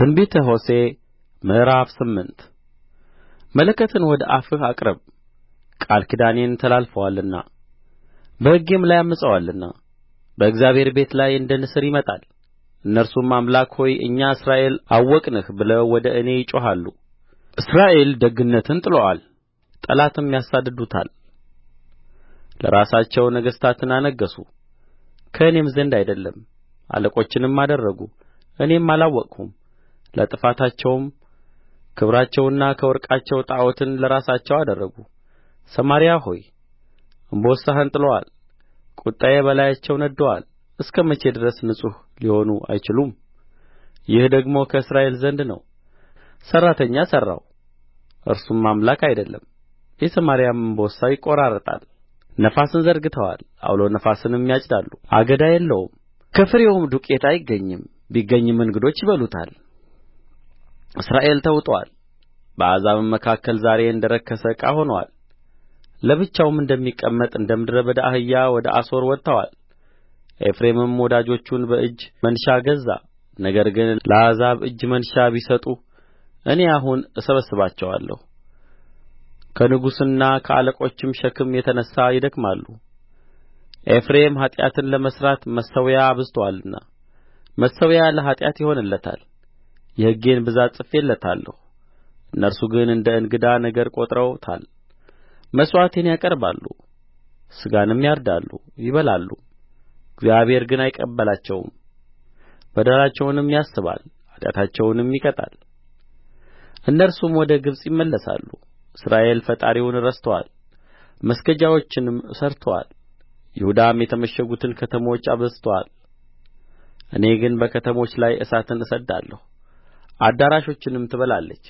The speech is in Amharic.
ትንቢተ ሆሴዕ ምዕራፍ ስምንት መለከትን ወደ አፍህ አቅርብ ቃል ኪዳኔን ተላልፈዋልና በሕጌም ላይ ዐምፀዋልና በእግዚአብሔር ቤት ላይ እንደ ንስር ይመጣል እነርሱም አምላክ ሆይ እኛ እስራኤል አወቅንህ ብለው ወደ እኔ ይጮኻሉ እስራኤል ደግነትን ጥሎአል ጠላትም ያሳድዱታል ለራሳቸው ነገሥታትን አነገሡ ከእኔም ዘንድ አይደለም አለቆችንም አደረጉ እኔም አላወቅሁም ለጥፋታቸውም ከብራቸውና ከወርቃቸው ጣዖትን ለራሳቸው አደረጉ ሰማርያ ሆይ እምቦሳህን ጥሎአል ቍጣዬ በላያቸው ነድዶአል እስከ መቼ ድረስ ንጹሕ ሊሆኑ አይችሉም ይህ ደግሞ ከእስራኤል ዘንድ ነው ሠራተኛ ሠራው እርሱም አምላክ አይደለም የሰማርያም እምቦሳ ይቈራረጣል ነፋስን ዘርግተዋል ዐውሎ ነፋስንም ያጭዳሉ አገዳ የለውም ከፍሬውም ዱቄት አይገኝም ቢገኝም እንግዶች ይበሉታል እስራኤል ተውጦአል በአሕዛብም መካከል ዛሬ እንደ ረከሰ ዕቃ ሆኖአል ለብቻውም እንደሚቀመጥ እንደ ምድረ በዳ አህያ ወደ አሦር ወጥተዋል ኤፍሬምም ወዳጆቹን በእጅ መንሻ ገዛ ነገር ግን ለአሕዛብ እጅ መንሻ ቢሰጡ እኔ አሁን እሰበስባቸዋለሁ ከንጉሥና ከአለቆችም ሸክም የተነሣ ይደክማሉ ኤፍሬም ኃጢአትን ለመሥራት መሠዊያ አብዝቶአልና መሠዊያ ለኃጢአት ይሆንለታል የሕጌን ብዛት ጽፌለታለሁ እነርሱ ግን እንደ እንግዳ ነገር ቈጥረውታል መሥዋዕቴን ያቀርባሉ ሥጋንም ያርዳሉ ይበላሉ እግዚአብሔር ግን አይቀበላቸውም በደላቸውንም ያስባል ኃጢአታቸውንም ይቀጣል እነርሱም ወደ ግብጽ ይመለሳሉ እስራኤል ፈጣሪውን ረስቶአል መስገጃዎችንም ሠርቶአል ይሁዳም የተመሸጉትን ከተሞች አብዝቶአል እኔ ግን በከተሞች ላይ እሳትን እሰድዳለሁ አዳራሾችንም ትበላለች